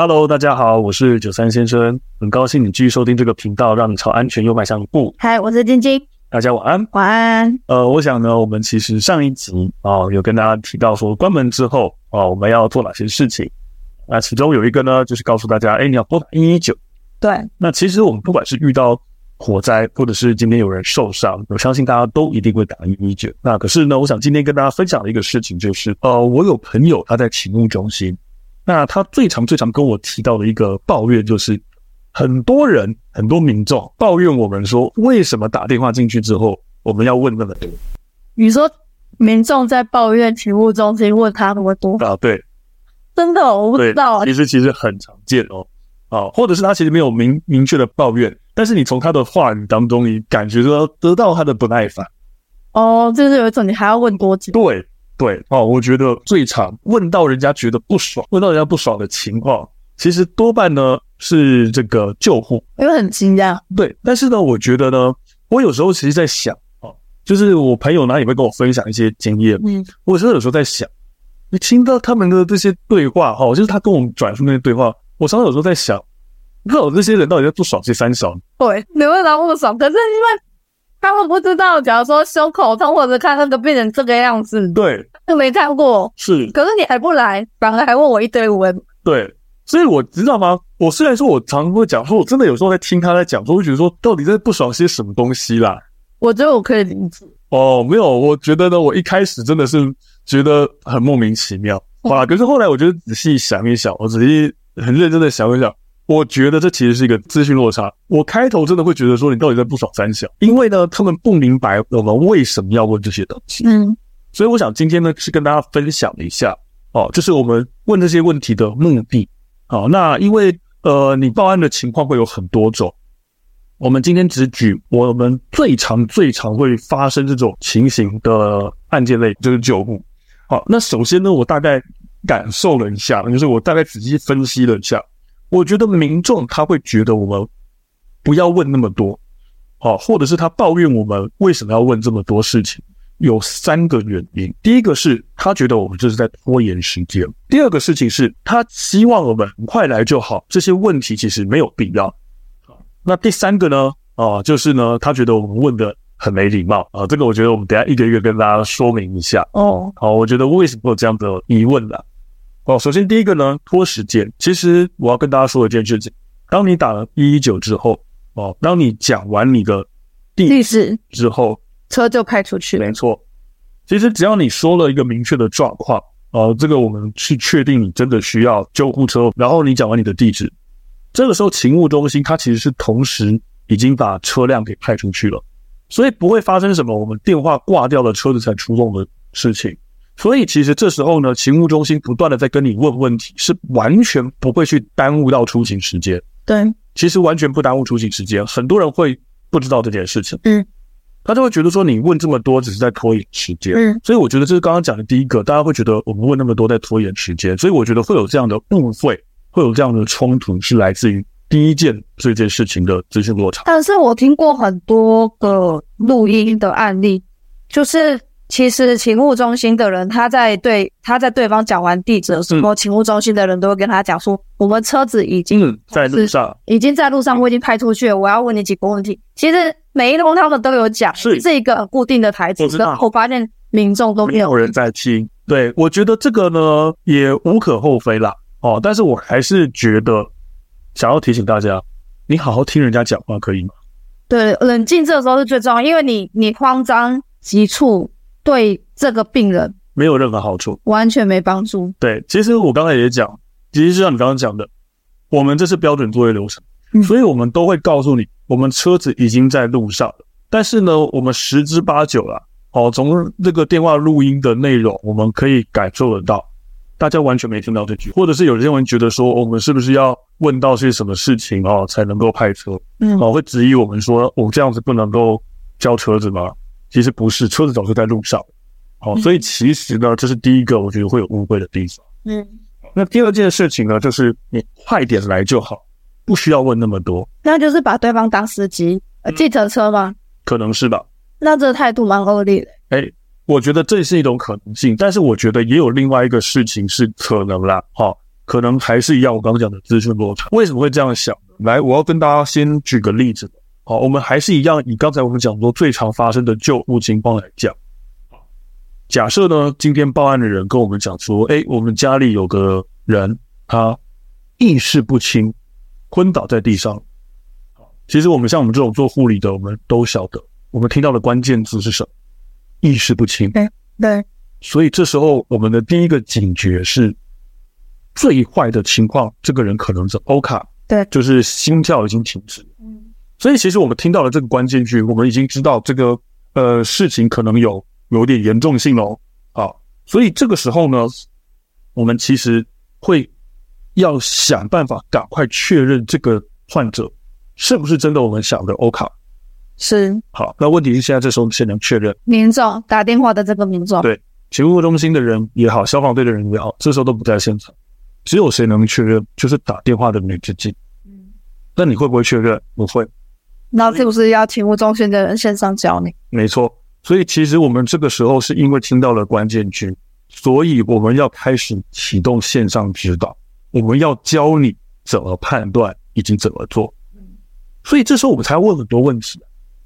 Hello，大家好，我是九三先生，很高興你繼續收聽這個頻道，讓你超安全又邁向一步。嗨，我是晶晶，大家晚安，晚安。呃，我想呢，我們其實上一集啊、哦，有跟大家提到說，關門之後啊、哦，我們要做哪些事情？那其中有一個呢，就是告訴大家，哎，你要撥打一一九。對。那其實我們不管是遇到火災，或者是今天有人受傷，我相信大家都一定會打一一九。那可是呢，我想今天跟大家分享的一個事情就是，呃，我有朋友他在勤務中心。那他最常最常跟我提到的一個抱怨就是很，很多人很多民眾抱怨我們說，為什麼打電話進去之後，我們要問那麼多？你說民眾在抱怨勤務中心問他那麼多啊？對，真的我不知道啊。其實其實很常見哦，啊，或者是他其實沒有明明確的抱怨，但是你從他的話語當中，你感覺到得到他的不耐煩。哦，就是有一種你還要問多久？對。對哦，我覺得最常問到人家覺得不爽，問到人家不爽的情況，其實多半呢是這個救護，因為很驚訝。對，但是呢，我覺得呢，我有時候其實在想啊、哦，就是我朋友呢也會跟我分享一些經驗，嗯，我甚至有時候在想，你聽到他們的這些對話哦，就是他跟我們轉述那些對話，我常常有時候在想，不知道這些人到底在不爽，是三小？對，沒有那麼爽，可是因為。他們不知道，假如說胸口痛或者看他們都變成這個樣子，對，都沒看過。是，可是你還不來，反而還問我一堆問。對，所以我你知道嗎？我雖然說，我常常會講說，我真的有時候在聽他在講，說，會覺得說，到底在不爽些什麼東西啦。我覺得我可以理解。哦，沒有，我覺得呢，我一開始真的是覺得很莫名其妙。好了，可是後來我就仔細想一想，哦、我仔細很認真的想一想。我覺得這其實是一個資訊落差。我開頭真的會覺得說，你到底在不爽三小？因為呢，他們不明白我們為什麼要問這些東西。嗯，所以我想今天呢，是跟大家分享一下哦，就是我們問這些問題的目的。好、哦，那因為呃，你報案的情況會有很多種，我們今天只舉我們最常、最常會發生這種情形的案件類，就是救護。好、哦，那首先呢，我大概感受了一下，就是我大概仔細分析了一下。我覺得民眾他會覺得我們不要問那麼多啊，或者是他抱怨我們為什麼要問這麼多事情？有三個原因：第一個是他覺得我們這是在拖延時間；第二個事情是他希望我們快來就好；這些問題其實沒有必要。那第三個呢？啊，就是呢，他覺得我們問的很沒禮貌啊。這個我覺得我們等一下一,一個一個跟大家說明一下。哦，好，我覺得為什麼有這樣的疑問呢、啊？哦，首先第一個呢，拖時間。其實我要跟大家說一件事情，當你打了一一九之後，哦，當你講完你的地址之後，車就派出去了。沒錯，其實只要你說了一個明確的狀況，呃、哦，這個我們去確定你真的需要救護車，然後你講完你的地址，這個時候勤務中心它其實是同時已經把車輛給派出去了，所以不會發生什麼我們電話掛掉了車子才出動的事情。所以其實這時候呢，勤務中心不斷的在跟你問問題，是完全不會去耽誤到出勤時間。對，其實完全不耽誤出勤時間。很多人會不知道這件事情，嗯，他就會覺得說你問這麼多只是在拖延時間，嗯。所以我覺得這是剛剛講的第一個，大家會覺得我們問那麼多在拖延時間，所以我覺得會有這樣的誤會，會有這樣的衝突，是來自於第一件這件事情的資訊落差。但是我聽過很多個錄音的案例，就是。其實，勤務中心的人他在對他在對方講完地址的時候，嗯，勤務中心的人都會跟他講說：“我們車子已經、嗯、在路上，已經在路上，我已經派出去了。我要問你幾個問題。”其實每一通他們都有講，是一個固定的台詞。然後我，我發現民眾都沒有，沒有人在聽。對，我覺得這個呢也無可厚非啦。哦，但是我還是覺得想要提醒大家，你好好聽人家講話可以嗎？對，冷靜這個時候是最重要，因為你你慌張急促。對這個病人沒有任何好處，完全沒幫助。對，其實我剛才也講，其實就像你剛剛講的，我們這是標準作業流程，嗯、所以我們都會告訴你，我們車子已經在路上了。但是呢，我們十之八九了、啊，哦，從這個電話錄音的內容，我們可以感受得到，大家完全沒聽到這句，或者是有些人覺得說，我們是不是要問到些什麼事情啊、哦，才能夠派車？嗯，哦，會質疑我們說，我、哦、這樣子不能夠叫車子嗎？其實不是，車子總是在路上，好、哦，嗯、所以其實呢，這是第一個我覺得會有誤會的地方。嗯，那第二件事情呢，就是你快點來就好，不需要問那麼多。那就是把對方當司機，呃、計程車嗎、嗯？可能是吧。那這態度蠻惡劣的。誒、欸，我覺得這是一種可能性，但是我覺得也有另外一個事情是可能啦，哈、哦，可能還是要我剛剛講的資訊落差。為什麼會這樣想？來，我要跟大家先舉個例子。好，我們還是一樣，以剛才我們講過最常發生的救護情況來講，假設呢，今天報案的人跟我們講說，誒、欸，我們家裡有個人他意識不清，昏倒在地上。其實我們像我們這種做護理的，我們都曉得，我們聽到的關鍵字是什麼？意識不清。嗯，對。所以這時候我們的第一個警覺是，最壞的情況，這個人可能是 OHCA，對，就是心跳已經停止。所以其實我們聽到了這個關鍵句，我們已經知道這個呃事情可能有有點嚴重性咯。啊。所以這個時候呢，我們其實會要想辦法趕快確認這個患者是不是真的我們想的 OK。是。好，那問題是現在這時候誰能確認？民眾，打電話的這個民眾，對，勤務中心的人也好，消防隊的人也好，這時候都不在現場，只有誰能確認，就是打電話的女司機。嗯，那你會不會確認？不會。那是不是要勤務中心的人線上教你，嗯？沒錯，所以其實我們這個時候是因為聽到了關鍵句，所以我們要開始啟動線上指導，我們要教你怎麼判斷以及怎麼做。所以這時候我們才問很多問題，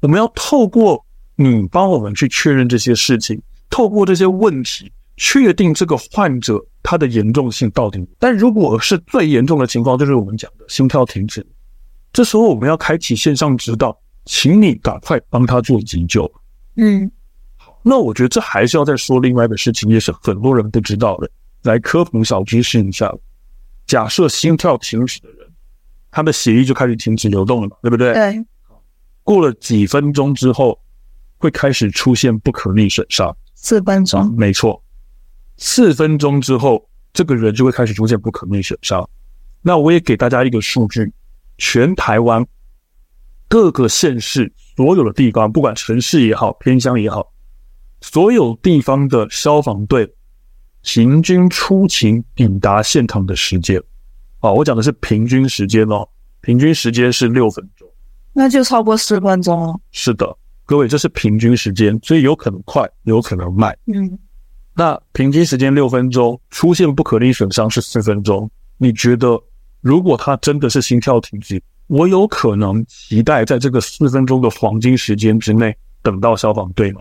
我們要透過你幫我們去確認這些事情，透過這些問題確定這個患者他的嚴重性到底。但如果是最嚴重的情況，就是我們講的心跳停止。這時候我們要開啟線上指導，請你趕快幫他做急救。嗯，好，那我覺得這還是要再說另外一個事情，也是很多人不知道的。來科普小知識一下，假設心跳停止的人，他的血液就開始停止流動了嘛，對不對？對。過了幾分鐘之後，會開始出現不可逆損傷。四分鐘。嗯，沒錯，四分鐘之後，這個人就會開始出現不可逆損傷。那我也給大家一個數據。全台灣各個縣市所有的地方，不管城市也好，偏鄉也好，所有地方的消防隊行軍出勤抵達現場的時間，哦，我講的是平均時間哦，平均時間是六分鐘，那就超過四分鐘了。是的，各位，這是平均時間，所以有可能快，有可能慢。嗯，那平均時間六分鐘，出現不可逆損傷是四分鐘，你覺得？如果他真的是心跳停止，我有可能期待在這個四分鐘的黃金時間之內等到消防隊嗎？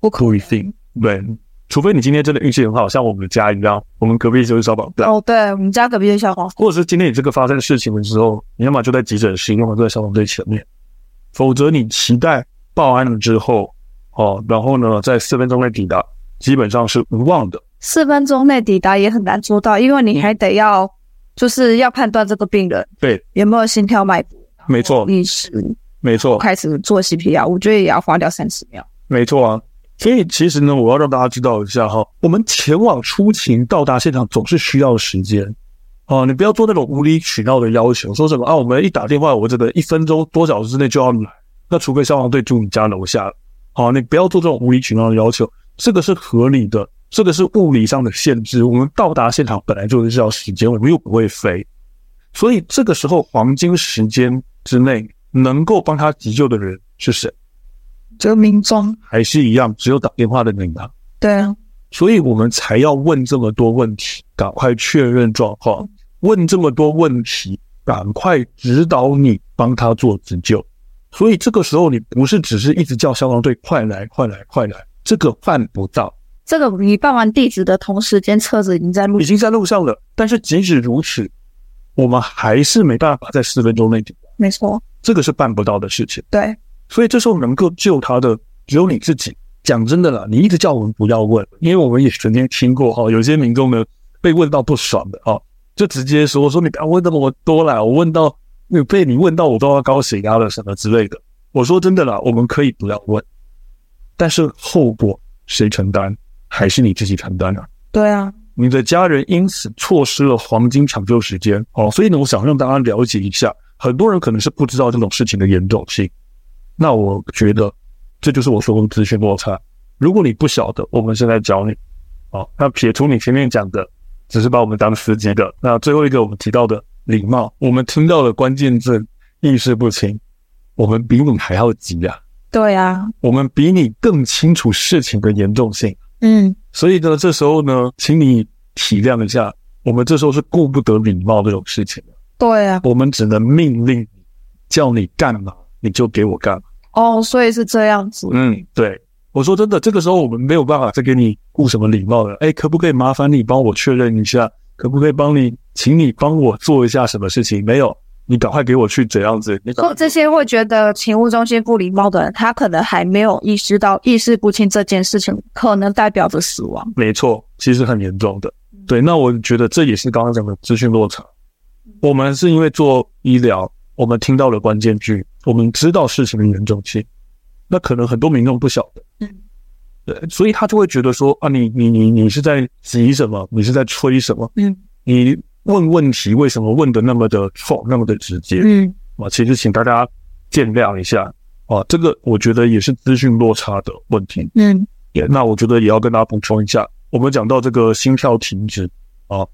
不可能，不一定。對，除非你今天真的運氣很好，像我們家一樣，我們隔壁就是消防隊哦。對，我們家隔壁就是消防隊。或者是今天你這個發生事情的時候，你要麼就在急診室，你要麼就在消防隊前面。否則，你期待報案了之後，哦，然後呢，在四分鐘內抵達，基本上是無望的。四分鐘內抵達也很難做到，因為你還得要。就是要判斷這個病人對，有沒有心跳脈搏，沒錯，意識，沒錯。沒錯，開始做 CPR，我覺得也要花掉三十秒，沒錯啊。所以其實呢，我要讓大家知道一下哈，對我們前往出勤、到達現場總是需要時間啊。你不要做那種無理取鬧的要求，說什麼啊？我們一打電話，我這個一分鐘多小時之內就要來。那除非消防隊住你家樓下，好、啊，你不要做這種無理取鬧的要求，這個是合理的。這個是物理上的限制，我們到達現場本來就是需要時間，我們又不會飛，所以這個時候黃金時間之內能夠幫他急救的人是誰？這個民眾還是一樣，只有打電話的人啊。對啊，所以我們才要問這麼多問題，趕快確認狀況，問這麼多問題，趕快指導你幫他做急救。所以這個時候你不是只是一直叫消防隊快來快來快來，這個辦不到。這個你辦完地址的同時間，車子已經在路上了，已經在路上了。但是即使如此，我們還是沒辦法在十分鐘內。沒錯，這個是辦不到的事情。對，所以這時候能夠救他的只有你自己。講真的啦，你一直叫我們不要問。因為我們也曾經聽過哈、啊，有些民眾呢被問到不爽的啊，就直接說：“我說你不要問那麼多了，我問到你被你問到我都要高血壓了什麼之類的。”我說真的啦，我們可以不要問，但是後果誰承擔？還是你自己承擔啊，對啊，你的家人因此錯失了黃金搶救時間哦。所以呢，我想讓大家了解一下，很多人可能是不知道這種事情的嚴重性。那我覺得這就是我說的資訊落差。如果你不曉得，我們現在教你哦。那撇除你前面講的，只是把我們當司機的。那最後一個我們提到的禮貌，我們聽到的關鍵字意識不清，我們比你還要急啊！對啊，我們比你更清楚事情的嚴重性。嗯，所以呢，這時候呢，請你體諒一下，我們這時候是顧不得禮貌這種事情。對啊，我們只能命令，叫你幹嘛你就給我幹嘛。哦，oh, 所以是這樣子。嗯，對，我說真的，這個時候我們沒有辦法再給你顧什麼禮貌了。哎、欸，可不可以麻煩你幫我確認一下？可不可以幫你，請你幫我做一下什麼事情？沒有。你趕快給我去怎樣子？做這些會覺得勤務中心不禮貌的人，他可能還沒有意識到意識不清這件事情可能代表着死亡。沒錯，其實很嚴重的。對，那我覺得這也是剛剛講的資訊落差。嗯、我們是因為做醫療，我們聽到了關鍵句，我們知道事情的嚴重性。那可能很多民眾不曉得，嗯，對，所以他就會覺得說啊，你你你你是在急什麼？你是在催什麼？嗯，你。問問題為什麼問的那麼的衝，那麼的直接？嗯，啊，其實請大家見諒一下啊，這個我覺得也是資訊落差的問題。嗯，yeah, 那我覺得也要跟大家補充一下，我們講到這個心跳停止啊，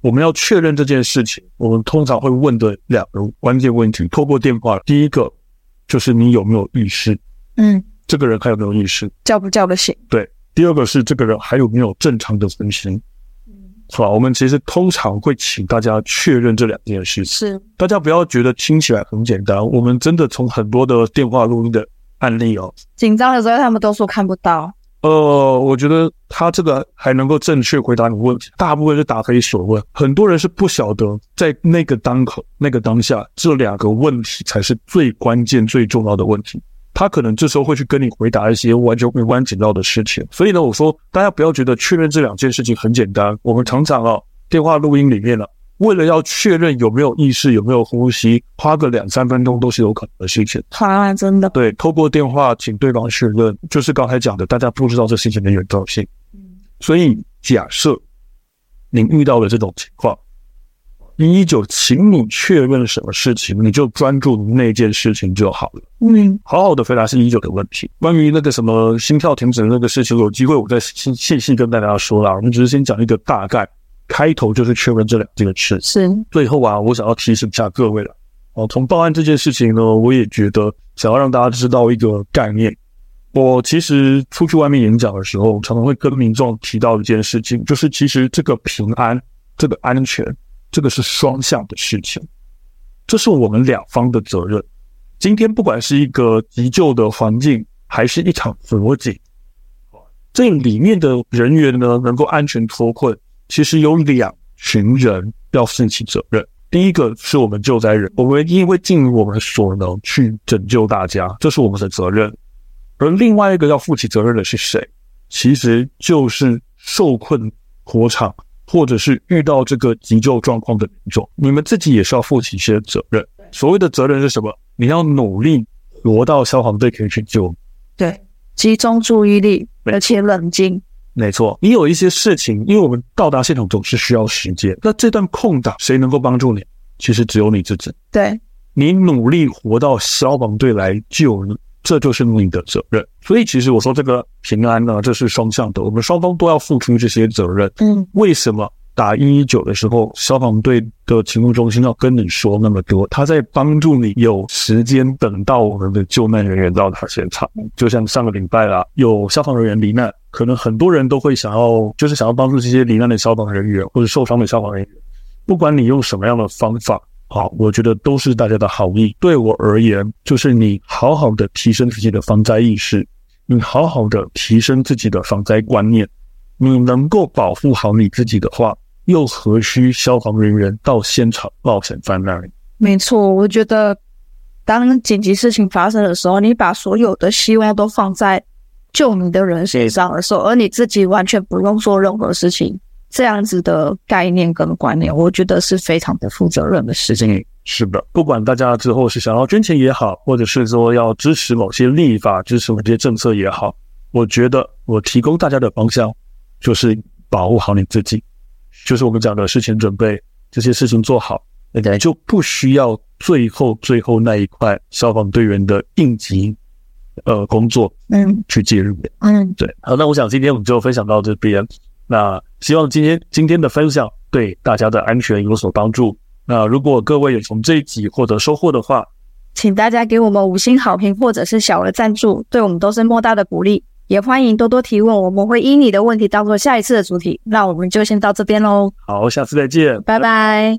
我們要確認這件事情，我們通常會問的兩個關鍵問題，透過電話，第一個就是你有沒有意識？嗯，這個人還有沒有意識？叫不叫得醒？對，第二個是這個人還有沒有正常的呼吸？是吧？我們其實通常會請大家確認這兩件事情。是，大家不要覺得聽起來很簡單。我們真的從很多的電話錄音的案例哦，緊張的時候他們都說看不到。呃，我覺得他這個還能夠正確回答你問題，大部分是答非所問。很多人是不曉得在那個當口、那個當下，這兩個問題才是最關鍵、最重要的問題。他可能這時候會去跟你回答一些完全無關緊要的事情，所以呢，我說大家不要覺得確認這兩件事情很簡單。我們常常啊，電話錄音裡面呢、啊，為了要確認有沒有意識、有沒有呼吸，花個兩三分鐘都是有可能的事情。好啊，真的。對，透過電話請對方確認，就是剛才講的，大家不知道這事情的嚴重性。所以假設您遇到了這種情況。一九，請你確認什麼事情，你就專注那件事情就好了。嗯，好好的回答是一九的問題。關於那個什麼心跳停止的那個事情，有機會我再細細跟大家說啦。我們只是先講一個大概，開頭就是確認這兩件事情。是，最後啊，我想要提醒一下各位了。哦，從報案這件事情呢，我也覺得想要讓大家知道一個概念。我其實出去外面演講的時候，常常會跟民眾提到一件事情，就是其實這個平安，這個安全。這個是雙向的事情，這是我們兩方的責任。今天不管是一個急救的環境，還是一場火警，這裡面的人員呢，能夠安全脫困，其實有兩群人要負起責任。第一個是我們救災人，我們一定會盡我們所能去拯救大家，這是我們的責任。而另外一個要負起責任的是誰？其實就是受困火場。或者是遇到這個急救狀況的民眾，你們自己也是要負起一些責任。所謂的責任是什麼？你要努力活到消防隊可以去救你。對，集中注意力，而且冷靜。沒，沒錯，你有一些事情，因為我們到達現場總是需要時間。那這段空檔，誰能夠幫助你？其實只有你自己。對，你努力活到消防隊來救你。這就是你的責任，所以其實我說這個平安呢，這是雙向的，我們雙方都要付出這些責任。嗯，為什麼打一一九的時候，消防隊的勤務中心要跟你說那麼多？他在幫助你有時間等到我們的救難人員到達現場。就像上個禮拜啦、啊，有消防人員罹難，可能很多人都會想要，就是想要幫助這些罹難的消防人員或者受傷的消防人員，不管你用什麼樣的方法。好，我覺得都是大家的好意。對我而言，就是你好好的提升自己的防災意識，你好好的提升自己的防災觀念，你能夠保護好你自己的話，又何須消防人員到現場冒險犯難？沒錯，我覺得，當緊急事情發生的時候，你把所有的希望都放在救你的人身上的時候，而你自己完全不用做任何事情。這樣子的概念跟觀念，我覺得是非常的負責任的事情。是的，不管大家之後是想要捐錢也好，或者是說要支持某些立法、支持某些政策也好，我覺得我提供大家的方向就是保護好你自己，就是我們講的事前準備這些事情做好，對就不需要最後最後那一塊消防隊員的應急呃工作去介入。嗯，對。好，那我想今天我們就分享到這邊。那希望今天今天的分享對大家的安全有所幫助。那如果各位有從這一集獲得收穫的話，請大家給我們五星好評或者是小額贊助，對我們都是莫大的鼓勵。也歡迎多多提問，我們會依你的問題當做下一次的主題。那我們就先到這邊嘍。好，下次再見，拜拜。